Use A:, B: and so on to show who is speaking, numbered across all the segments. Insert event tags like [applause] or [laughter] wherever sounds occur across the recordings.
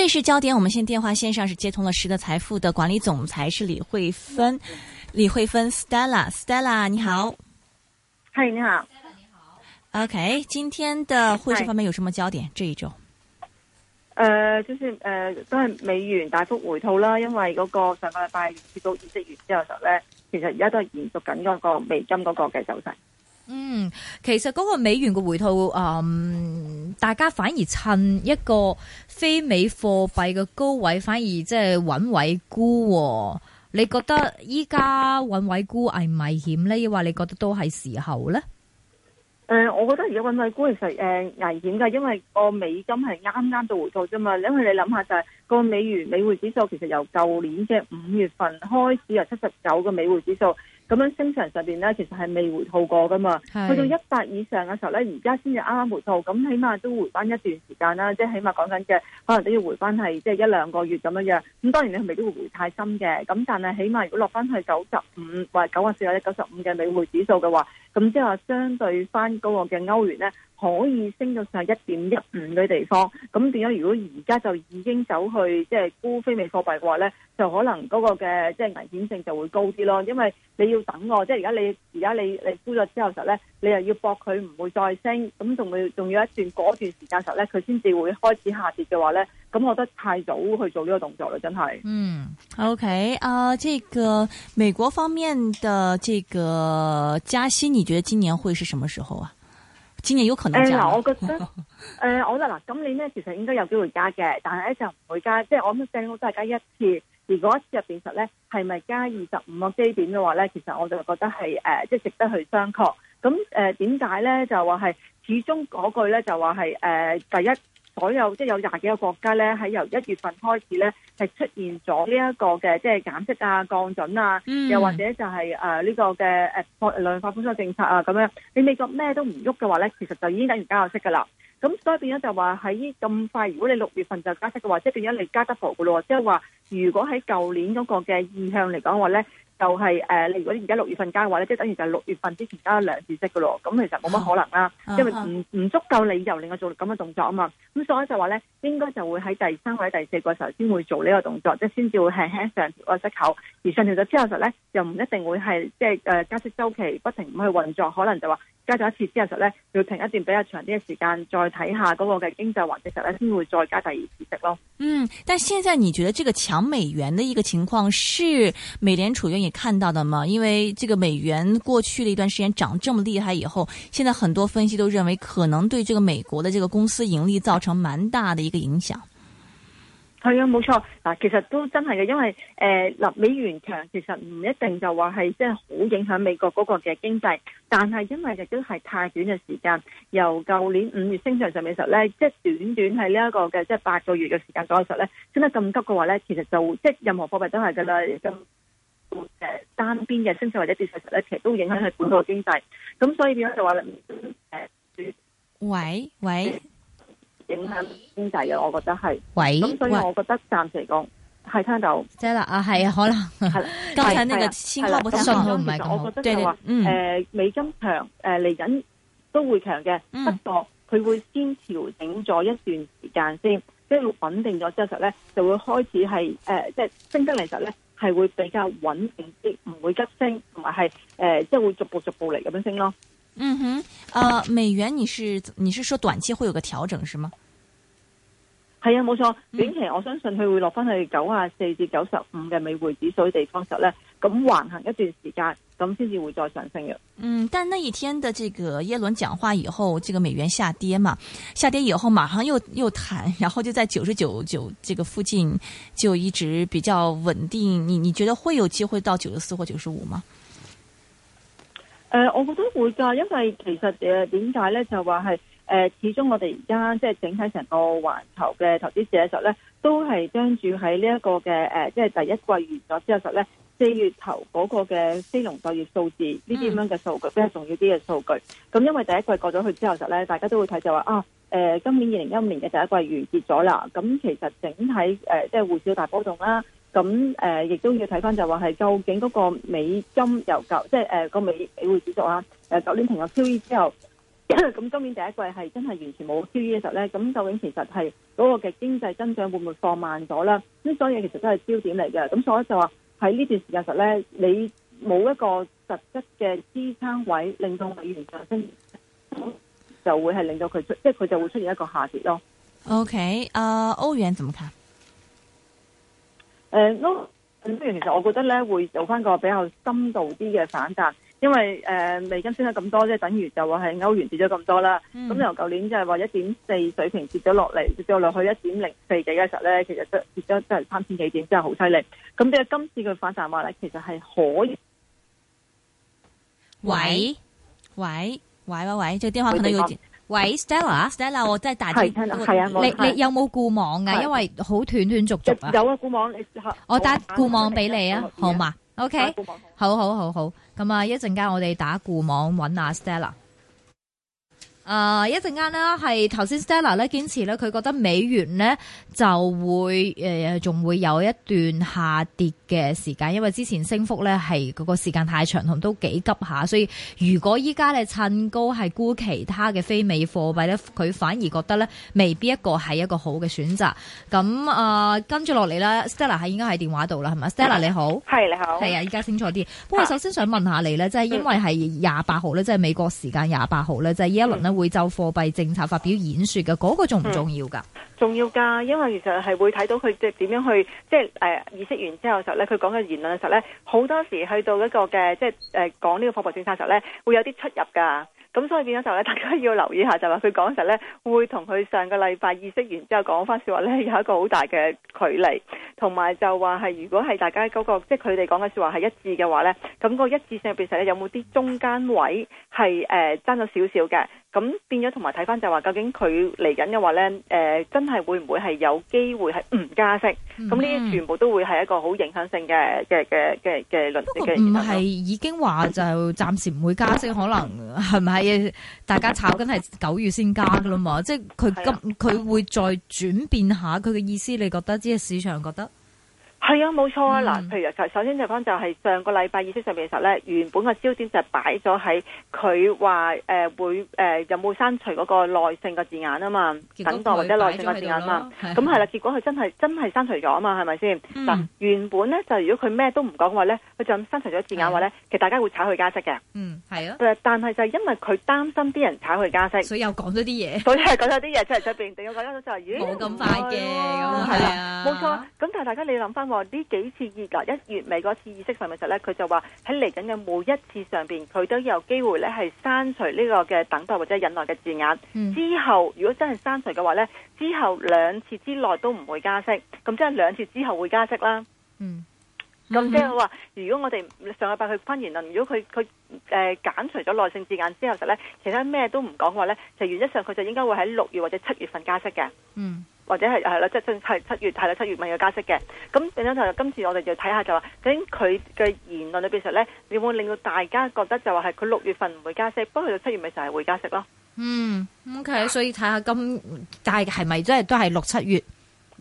A: 匯市焦點？我們現在電話線上是接通了時的財富的管理總裁是李慧芬、嗯，李慧芬 Stella Stella 你好，嗨、hey, 你好，你好 OK 今天的匯市方面有什麼焦點？Hey. 這一周，
B: 呃，就是呃，都係美元大幅回吐啦，因為嗰個上個禮拜跌到二十月之後就咧，其實而家都係延續緊嗰個美金嗰個嘅走勢。
C: 嗯，其實嗰個美元嘅回吐，誒、嗯，大家反而趁一個非美貨幣嘅高位，反而即係揾位沽。你覺得依家揾位沽危唔危險呢？抑或你覺得都係時候咧？
B: 誒、呃，我覺得而家揾位沽其實誒、呃、危險噶，因為個美金係啱啱到回吐啫嘛。因為你諗下就係、是那個美元美匯指數其實由舊年嘅五月份開始啊，七十九個美匯指數。咁樣升場上邊咧，其實係未回吐過噶嘛，去到一百以上嘅時候咧，而家先至啱啱回吐，咁起碼都回翻一段時間啦，即係起碼講緊嘅，可能都要回翻係即係一兩個月咁樣樣，咁當然你係未必會回太深嘅，咁但係起碼如果落翻係九十五或九啊四或者九十五嘅美匯指數嘅話。咁即係話相對翻嗰個嘅歐元咧，可以升到上一點一五嘅地方。咁變咗，如果而家就已經走去即係、即係、沽非美貨幣嘅話咧，就可能嗰個嘅即係危險性就會高啲咯。因為你要等我，即係而家你而家你你沽咗之後實咧，你又要搏佢唔會再升，咁仲要仲要一段嗰段時間實咧，佢先至會開始下跌嘅話咧。咁我覺得太早去做呢個動作啦，真係。
A: 嗯，O K，啊，這個美國方面的這個加息，你覺得今年會是什麼時候啊？今年有可能加？嗱、呃，我覺
B: 得，誒、 [laughs] 呃，我啦嗱，今年呢，其實應該有機會加嘅，但係咧就唔會加， [laughs] 即係我諗正好都係加一次。如果一次入邊實咧係咪加二十五個基點嘅話咧，其實我就覺得係誒，即、呃、係、就是、值得去商榷。咁、嗯、誒，點解咧？就話係始終嗰句咧，就話係誒，第一。所有即係、就是、有廿幾個國家咧，喺由一月份開始咧，係出現咗呢一個嘅即係減息啊、降準啊，又或者就係誒呢個嘅誒、呃、量化寬鬆政策啊咁樣。你美國咩都唔喐嘅話咧，其實就已經等於加息㗎啦。咁所以變咗就話喺咁快，如果你六月份就加息嘅話，即係變咗你加得浮嘅咯。即係話如果喺舊年嗰個嘅意向嚟講話咧。就係、是、誒，你、呃、如果而家六月份加嘅話咧，即係等於就係六月份之前加兩次息嘅咯，咁其實冇乜可能啦，啊啊，因為唔唔足夠理由令我做咁嘅動作啊嘛，咁所以就話咧，應該就會喺第三或者第四個時候先會做呢個動作，即係先至會輕輕上調個息口，而上調咗之後實咧，就唔一定會係即係誒、呃、加息週期不停咁去運作，可能就話加咗一次之後實咧，要停一段比較長啲嘅時間再睇下嗰個嘅經濟環節實咧，先會再加第二次息咯。嗯，
A: 但現在你覺得這個搶美元嘅一個情況，是美聯儲你看到的嗎？因為這個美元過去的一段時間漲這麼厲害以後，現在很多分析都認為可能對這個美國的這個公司盈利造成蠻大的一個影響。
B: 係啊，冇錯嗱，其實都真係嘅，因為誒、呃，美元強其實唔一定就話係即係好影響美國嗰個嘅經濟，但係因為亦都係太短嘅時間，由舊年五月升上上嚟嘅時候咧，即係短短係呢一個嘅即係八個月嘅時間嗰時候咧，升得咁急嘅話咧，其實就即係任何貨幣都係噶啦咁。誒，單邊嘅升勢或者跌勢咧，其實都影響佢本土嘅經濟，咁所以變咗就話誒，
A: 喂
B: 喂，影響經濟嘅，我覺得係喂。咁所以我覺得暫時嚟講
C: 係聽到即係啦，啊係啊，可能係。今日呢個千三我想唔係我覺得就話誒、嗯呃，
B: 美金強誒，嚟、呃、緊都會強嘅，不過佢會先調整咗一段時間先，即係穩定咗之後實咧，就會開始係誒、呃，即係升得嚟實咧。係會比較穩定啲，唔會急升，同埋係誒，即係會逐步逐步嚟，咁樣升咯。嗯
A: 哼，誒、呃，美元，你是你是說短期會有個調整是嗎？
B: 係啊，冇錯，短期我相信佢會落翻去九十四至九十五嘅美匯指數嘅地方值咧，咁橫行一段時間。咁先至會
A: 再上升嘅。嗯，但那一天嘅這個耶倫講話以後，這個美元下跌嘛，下跌以後馬上又又彈，然後就在九十九九這個附近就一直比較穩定。你你覺得會有機會到九十四或九十五嗎？
B: 呃，我覺得會㗎，因為其實誒點解呢？就話係誒，始終我哋而家即係整體成個環球嘅投資者實呢，都係將住喺呢一個嘅誒，即、呃、係第一季完咗之後實咧。四月頭嗰個嘅非農就業數字，呢啲咁樣嘅數據比較重要啲嘅數據。咁因為第一季過咗去之後，就咧大家都會睇就話啊，誒、呃、今年二零一五年嘅第一季完結咗啦。咁其實整體誒即係會少大波動啦。咁誒亦都要睇翻就話係究竟嗰個美金由舊即係誒個美美匯指數啊，誒、呃、舊年停咗 QE 之後，咁今年第一季係真係完全冇 QE 嘅時候咧，咁究竟其實係嗰個嘅經濟增長會唔會放慢咗啦？咁所以其實都係焦點嚟嘅。咁所以就話。喺呢段時間實咧，你冇一個實質
A: 嘅支撐位，令到美元上升就會係令到佢
B: 出，即係佢就會出現一個下跌咯。
A: OK，啊，uh，歐元點睇？
B: 誒，歐歐元其實我覺得咧會有返個比較深度啲嘅反彈。因為誒美金升得咁多，即係等於就話係歐元跌咗咁多啦。咁由舊年即係話一點四水平跌咗落嚟，跌咗落去一點零四幾嘅時候咧，其實都跌咗真係三千幾點，真係好犀利。咁你今次嘅反彈話咧，其實係可以。
A: 喂
C: 喂喂喂喂，再電話同你要接。
A: 喂，Stella，Stella，Stella, 我真係大啲，你你,、yes. 你有
C: 冇固網嘅、啊？因為好斷斷續續、啊。有啊，固網，你我打固網俾你啊，你聽聽啊好嘛？O.K.，好好好好，咁啊，一陣間我哋打固網搵下 Stella。啊、呃！一陣間呢，係頭先 Stella 咧堅持咧，佢覺得美元呢就會誒仲、呃、會有一段下跌嘅時間，因為之前升幅咧係嗰個時間太長同都幾急下，所以如果依家咧趁高係沽其他嘅非美貨幣咧，佢反而覺得咧未必一個係一個好嘅選擇。咁啊、呃，跟住落嚟啦 Stella 係應該喺電話度啦，係咪？Stella 你好，係你好，係啊！依家清楚啲。不過首先想問下你咧、就是嗯，即係因為係廿八號咧，即係美國時間廿八號咧，即係依一輪呢。嗯會就貨幣政策發表演說嘅嗰、那個重唔重要噶、嗯？
B: 重要噶，因為其實係會睇到佢即係點樣去即係誒，議息完之後嘅時候咧，佢講嘅言論嘅時候咧，好多時去到一個嘅即係誒，講、就、呢、是、個貨幣政策嘅時候咧，會有啲出入噶。咁所以變咗就咧，大家要留意下，就話佢講實咧，會同佢上個禮拜議息完之後講翻說話咧，有一個好大嘅距離。同埋就話係，如果係大家嗰、嗰個即係佢哋講嘅說話係一致嘅話咧，咁、那、嗰個一致性入邊實咧，有冇啲中間位係誒爭咗少少嘅？咁變咗同埋睇翻就話，究竟佢嚟緊嘅話咧、呃，真係會唔會係有機會係唔加息？
C: 咁呢
A: 啲全
B: 部都會係一個好影響性嘅嘅嘅嘅嘅論嘅，不過唔係
C: 已經話就暫時唔會加息，可能係咪係？大家炒緊係九月先加噶啦嘛，即係佢今佢會再轉變下佢嘅意思。你覺得即係、就是、市場覺得？
B: 係啊，冇錯啊！嗱、嗯，譬如首先就講就係上個禮拜意識上面嘅時候咧，原本個焦點就係擺咗喺佢話誒會、呃、有冇刪除嗰個耐性嘅字眼啊嘛，等待或者耐性嘅字眼啊嘛，咁係啦，結果佢真係真係刪除咗啊嘛，係咪先？嗱、嗯，但原本咧就如果佢咩都唔講話咧，佢就咁刪除咗字眼話咧、啊，其實大家會炒佢加息嘅。嗯，係啊。但係就係因為佢擔心啲人炒佢加息，所以又講咗啲嘢。所以係講咗啲嘢出嚟出邊，定。 [laughs] 要講咗就係咦冇咁快嘅，係啊，冇、啊啊、錯、啊。咁但係大家你諗翻呢、哦、幾次熱鬧一月尾嗰次議息上嘅時候咧，佢就話喺嚟緊嘅每一次上邊，佢都有機會咧係刪除呢個嘅等待或者忍耐嘅字眼、嗯。之後如果真係刪除嘅話咧，之後兩次之內都唔會加息，咁即係兩次之後會加息啦。嗯，咁即係話，如果我哋上個禮拜佢發言論，如果佢佢誒減除咗耐性字眼之後，實咧其他咩都唔講嘅話咧，就原則上佢就應該會喺六月或者七月份加息嘅。嗯。或者係係啦，即係七七月係啦，七月咪要加息嘅。咁變咗就今次我哋要睇下、就是，就話究竟佢嘅言論裏邊實咧，會唔會令到大家覺得就話係佢六月份唔會加息，不過佢到七月咪成日會加息咯。嗯
C: ，OK，所以睇下今但係係咪真係都係六七月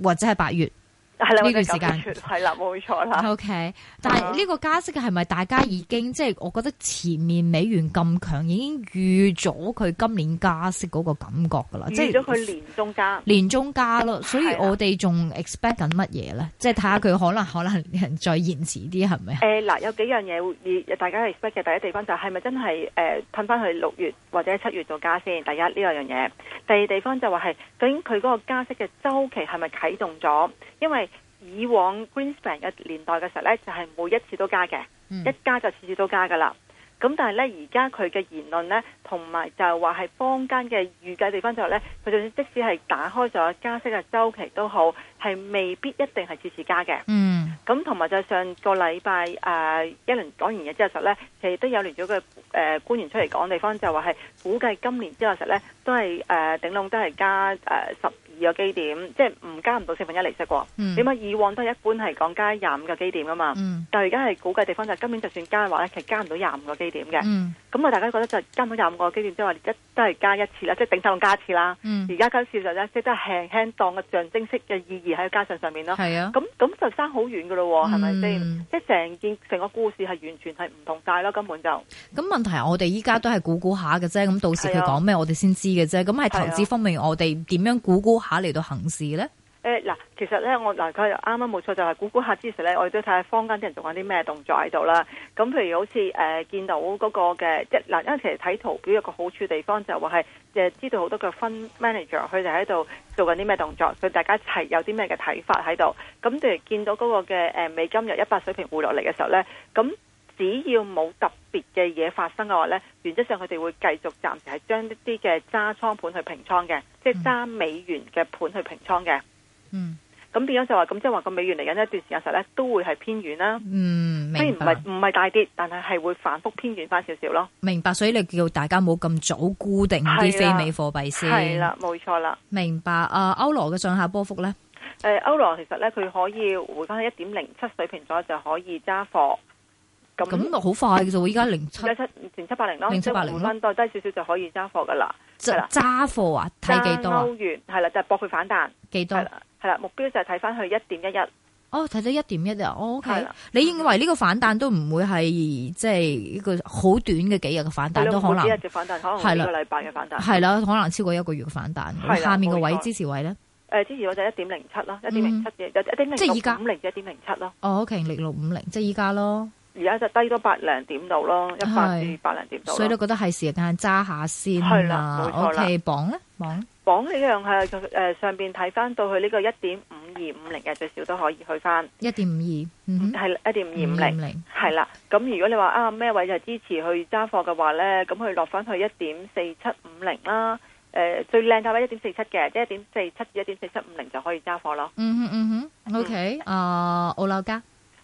C: 或者係八月。
B: 係啦，呢段時間
C: 係 [laughs] 啦，冇錯啦。O K，但係呢個加息嘅，係咪大家已經即係？就是、我覺得前面美元咁強，已經預咗佢今年加息嗰個感覺噶啦。預咗佢年
B: 中加，年
C: 中加咯。所以我哋仲 expect 緊乜嘢咧？即係睇下佢可能可能再延遲啲，係咪
B: 誒，嗱、呃呃，有幾樣嘢，會大家 expect 嘅第一地方就係，係咪真係誒，褪翻去六月或者七月做加先？第一呢樣嘢。第二地方就話、是、係，究竟佢嗰個加息嘅周期係咪啟動咗？因為以往 Greenspan 嘅年代嘅時候咧，就係、是、每一次都加嘅，一加就次次都加噶啦。咁但係咧，而家佢嘅言論咧，同埋就係話係坊間嘅預計地方就話咧，佢就算即使係打開咗加息嘅周期都好，係未必一定係次次加嘅。嗯，咁同埋就係上個禮拜誒、呃、一輪講完嘢之後咧，其實都有聯儲嘅誒官員出嚟講地方就話係估計今年之後時候咧都係誒、呃、頂籠都係加誒、呃、十二個基點，即係唔加唔到四分一厘息喎。點、嗯、解以往都係一般係講加廿五個基點㗎嘛？但係而家係估計地方就今、是、年就算加嘅話咧，其實加唔到廿五個基點嘅。咁、嗯、啊，大家覺得就根本廿五個基點即係話一都係加一次啦，即係頂頭加一次啦。而、嗯、家今次就是、即係都是輕輕當個象徵式嘅意義喺個加上上面咯。係啊，咁咁就差好遠㗎咯，係咪先？即係成件成個故事係完全係唔同晒咯，根本就。
C: 咁問題我哋依家都係估估下嘅啫，咁到時佢講咩我哋先知嘅啫。咁喺、啊、投資方面我哋點樣估估下嚟到行事咧？
B: 誒，嗱，其實咧、就是，我嗱佢啱啱冇錯就係估估下之時咧，我哋都睇下坊間啲人做緊啲咩動作喺度啦。咁譬如好似誒、呃，見到嗰個嘅即嗱，因為其實睇圖表有個好處地方就話係誒，知道好多嘅 fund manager 佢哋喺度做緊啲咩動作，佢大家係有啲咩嘅睇法喺度。咁譬如見到嗰個嘅誒，美金由一百水平回落嚟嘅時候咧，咁。只要冇特別嘅嘢發生嘅話呢，原則上佢哋會繼續暫時係將一啲嘅揸倉盤去平倉嘅，即係揸美元嘅盤去平倉嘅。嗯，咁變咗就話咁，即係話個美元嚟緊一段時間時候呢，都會係偏遠啦。嗯，
C: 雖然唔係
B: 唔係大跌，但係係會反覆偏遠翻少少咯。
C: 明白，所以你叫大家冇咁早固定啲非美貨幣先。係啦，冇錯啦。明白。阿、啊、歐羅嘅上下波幅呢？
B: 誒、呃，歐羅其實呢，佢可以回翻去一點零七水平左右就可以揸貨。咁好
C: 快嘅啫喎！依家零七
B: 零七前七八零咯，零七八零咯，低少少就可以揸貨噶啦。揸
C: 貨啊？睇幾多啊？歐
B: 元係啦，就係、是、博佢反彈幾多？係啦，係啦，目標就係睇翻去一點一
C: 一。哦，睇咗一點一一。O、okay、K，你認為呢個反彈都唔會係即係一個好短嘅幾日嘅反彈都可能？幾日反彈可能係一個禮拜嘅
B: 反彈係啦，可
C: 能超過一個月嘅反彈。下面個位支持位咧？誒，支持
B: 位、呃、支持我就一點零七啦，一點零七嘅，一點即係五零，一點零
C: 七咯。哦，o k 零六五零，即係依家咯。
B: 而家就低到百零點度咯，一百至百零點度。所以都覺得
C: 係時間揸下先，係啦，冇錯啦，磅咧，磅
B: 磅，okay，呢，呢樣係誒、呃、上邊睇翻，到去呢個一點五二五零嘅最少都可以去翻
C: 一點五二，52，嗯，
B: 係一點五二五零，係啦。咁如果你話啊咩位就支持貨去揸貨嘅話咧，咁佢落翻去一點四七五零啦。誒、呃，最靚嘅位一點四七嘅，即一點四七一點四七五零就可以揸貨咯。嗯
C: 嗯嗯哼，O K，啊，澳、okay，紐、嗯呃、加。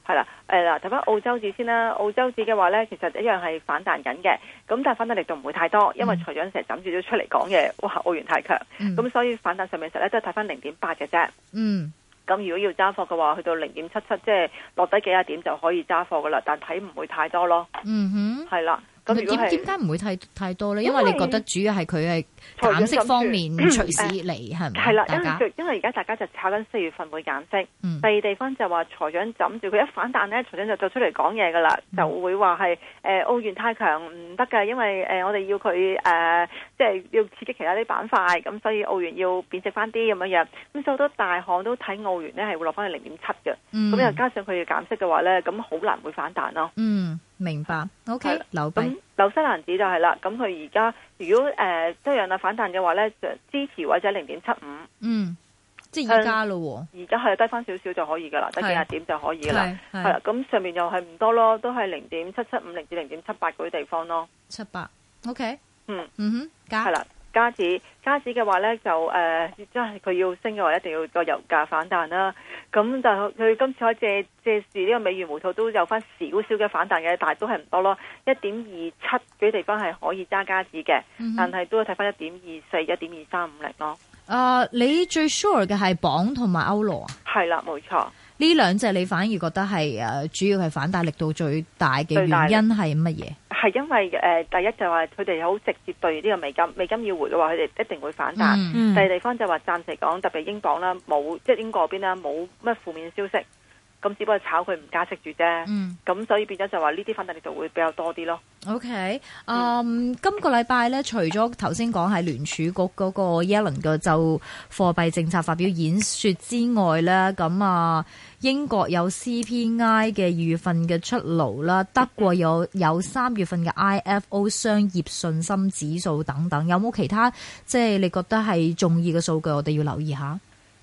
B: 係啦，誒、哎、嗱，睇翻澳洲紙先啦。澳洲紙嘅話咧，其實一樣係反彈緊嘅，咁但係反彈力仲唔會太多，因為財長成日枕住都出嚟講嘅，哇，澳元太強，咁、嗯、所以反彈上面實咧都係睇翻零點八嘅啫。嗯，咁如果要揸貨嘅話，去到零點七七，即係落低幾廿點就可以揸貨㗎喇，但睇唔會太多咯。嗯哼，係啦。
C: 咁點解唔會太太多咧？因為你覺得主要係佢係減息方面隨時嚟，係咪？係啦，因為因
B: 為而家大家就炒緊四月份會減息。嗯、第二地方就話財長枕住佢一反彈咧，財長就做出嚟講嘢噶啦，就會話係誒澳元太強唔得嘅，因為誒、呃、我哋要佢誒、呃、即係要刺激其他啲板塊，咁所以澳元要貶值翻啲咁樣樣。咁所好多大行都睇澳元咧係會落翻去零點七嘅。咁、嗯、又加上佢嘅減息嘅話咧，咁好難會反彈咯。嗯。
C: 明白，OK。流幣，咁
B: 紐西蘭紙就係啦。咁佢而家如果誒都有啊反彈嘅話咧，就支持或者零點七五。嗯，
C: 即係而家咯，而
B: 家係低翻少少就可以噶啦，低幾啊點就可
C: 以噶啦。係啦，咁
B: 上面又係唔多咯，都係零點七七五，零至零點七八嗰啲地方
C: 咯。七八，OK。嗯嗯哼，加係啦。
B: 加紙加紙嘅話咧就誒，即係佢要升嘅話，一定要個油價反彈啦。咁就佢今次可以借借市呢個美元回吐都有翻少少嘅反彈嘅，但係都係唔多咯。一點二七嘅地方係可以揸加紙嘅、嗯，但係都要睇翻一點二四、一點二三五零咯。啊、uh,，
C: 你最 sure 嘅係鎊同埋歐羅啊？係啦，冇錯。呢兩隻你反而覺得係誒，主要係反彈力度最大嘅原因係乜嘢？
B: 係因為誒、呃，第一就係話佢哋好直接對呢個美金，美金要回嘅話，佢哋一定會反彈、嗯嗯。第二地方就話暫時講，特別英鎊啦，冇即、係、英國嗰邊啦，冇乜負面消息。咁只不過炒佢唔加息住啫，咁、嗯、所以變咗就話呢啲反彈力度會比較多啲
C: 咯。OK，嗯、um，今個禮拜咧，除咗頭先講係聯儲局嗰個 Yellen 嘅就貨幣政策發表演說之外咧，咁啊，英國有 CPI 嘅二月份嘅出爐啦，德國有有三月份嘅 IFO 商業信心指數等等，有冇其他即係你覺得係重要嘅數據，我哋要留意下？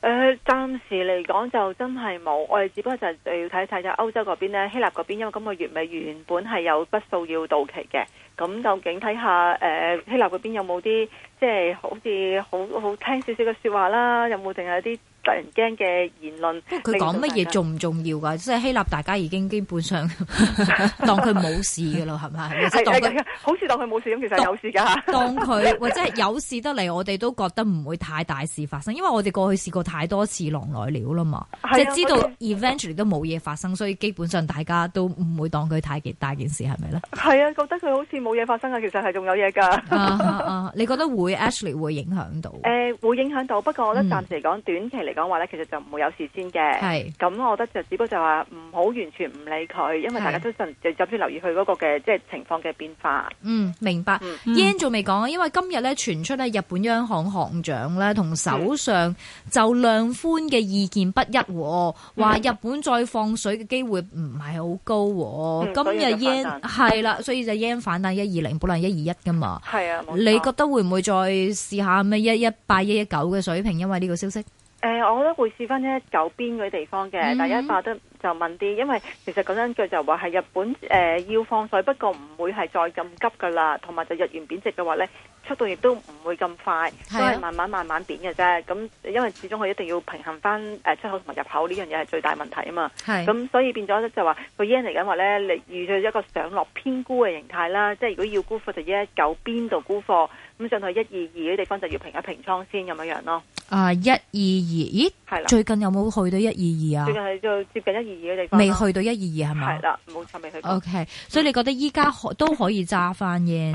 B: 誒、呃，暫時嚟講就真係冇，我哋只不過就誒要睇睇咗歐洲嗰邊呢，希臘嗰邊，因為今個月尾原本係有筆數要到期嘅，咁究竟睇下誒希臘嗰邊有冇啲即係好似好好聽少少嘅說話啦，有冇定係啲？突然驚嘅言論，佢講乜嘢重
C: 唔重要㗎？ [laughs] 即係希臘，大家已經基本上 [laughs] 當佢冇事㗎咯，係 [laughs] 咪不是？ [laughs] 即當他 [laughs] 好似當佢冇事咁，其
B: 實是有事㗎。 [laughs] 當佢或者係
C: 有事得嚟，我哋都覺得唔會太大事發生，因為我哋過去試過太多次狼來了啦嘛。是啊、即係知道 eventually 都冇嘢發生，所以基本上大家都唔會當佢太大件事，係咪咧？係啊，覺得佢好似冇嘢發生啊，其實係仲有嘢㗎。 [laughs] uh, uh, uh, 你覺得會 actually 會影響到？誒、欸，會影響到，不過我
B: 覺得暫時嚟講、嗯，短期嚟講話咧，其實就唔會有事先嘅。係咁，那我覺得就只不過就話唔好完全唔理佢，因為大家都真就甚至留意佢嗰個嘅即係情況嘅變
C: 化。嗯，明白。嗯、yen 仲未講啊，因為今日咧傳出咧日本央行行長咧同首相就量寬嘅意見不一，話日本再放水嘅機會唔係好高。嗯、今日 yen 係啦，所以就 yen 反彈一二零，120，本來一二一噶嘛。係啊，你覺得會唔會再試下咩一一八一一九嘅水平？因為呢個消息。
B: 誒、呃，我覺得會試翻一九邊嗰啲地方嘅，大家話得就問啲，因為其實講真句就話係日本誒、呃、要放水，不過唔會係再咁急噶啦，同埋就日元貶值嘅話咧，速度亦都唔會咁快，啊、都係慢慢慢慢貶嘅啫。咁、嗯、因為始終佢一定要平衡翻誒出口同埋入口呢樣嘢係最大問題啊嘛。係咁、嗯，所以變咗就話佢 yen 嚟緊話咧，你預測一個上落偏沽嘅形態啦，即係如果要沽貨就一九邊度沽貨。咁上去一二二嘅地方就要平一平倉先咁樣樣咯。
C: 啊一二二，咦係啦，最近有冇去到一二二啊？
B: 最近係就接近
C: 一二二嘅地方，未去到一二二係咪？係啦，冇錯，未去到。O K，所以你覺得依家都可以揸翻嘅？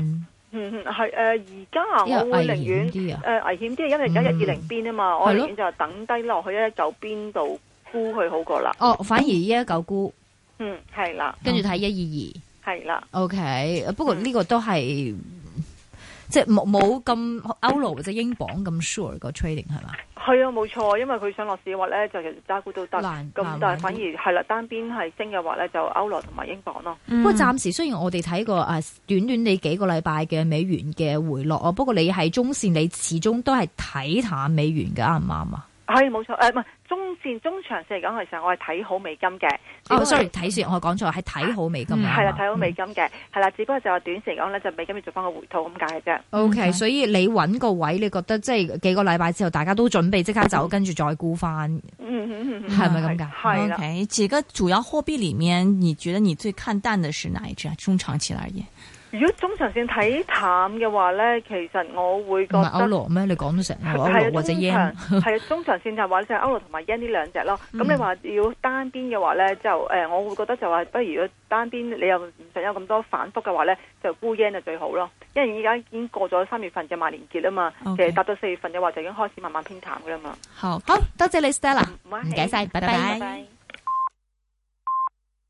C: 嗯，
B: 係誒、啊，而家我寧願誒危險啲、啊呃，因為而家一、嗯、二零邊啊嘛，我寧願就等低落去一一九邊度沽佢好過啦。哦，反而一一九沽，嗯係啦，跟住睇一二二，係啦。
C: O、okay, K，不過呢個都係。嗯即係冇冇咁歐羅或者英鎊咁 sure 個 trading 係嘛？
B: 係啊，冇錯，因為佢想落市嘅話咧，就其實揸股都得。難咁但係反而係啦，單邊係升嘅話咧，就歐羅同埋英鎊咯，嗯。不過暫
C: 時雖然我哋睇過誒，短短你幾個禮拜嘅美元嘅回落啊，不過你係中線你始終都係睇淡美元嘅，啱唔啱啊？對
B: 可以冇錯，誒唔係中線、中長線嚟講，其實我係睇好美金
C: 嘅。Oh, sorry 睇、嗯、我講錯，係睇好美金。係、嗯、啦，睇好美
B: 金嘅，係、嗯、啦，只不過就係短時嚟講咧，就美金咪做翻個回吐咁解啫。O、okay, K，、嗯、所
C: 以你揾個位，你覺得即係幾個禮拜之後，大家都準備即刻走，嗯、跟住再估翻，
B: 係咪咁解？係啦。O K，
C: 幾個
A: 主要貨幣裏面，你覺得你最看淡的是哪一隻？中長期嚟講。如果中
B: 長線睇淡嘅話咧，其實我會覺得唔係歐羅
C: 咩？你講到成歐羅或者鷹，
B: 係啊，中長係線就話就係歐羅同埋鷹呢兩隻咯。咁你話要單邊嘅話咧、嗯，就誒、呃，我會覺得就話不如果單邊你又唔想有咁多反覆嘅話咧，就沽鷹就最好咯。因為而家已經過咗三月份嘅萬年結啊嘛，Okay. 其實達到四月份嘅話就已經開始慢慢偏淡噶啦嘛。Okay.
C: 好，好多謝你 Stella，唔該晒，拜拜。Bye bye bye bye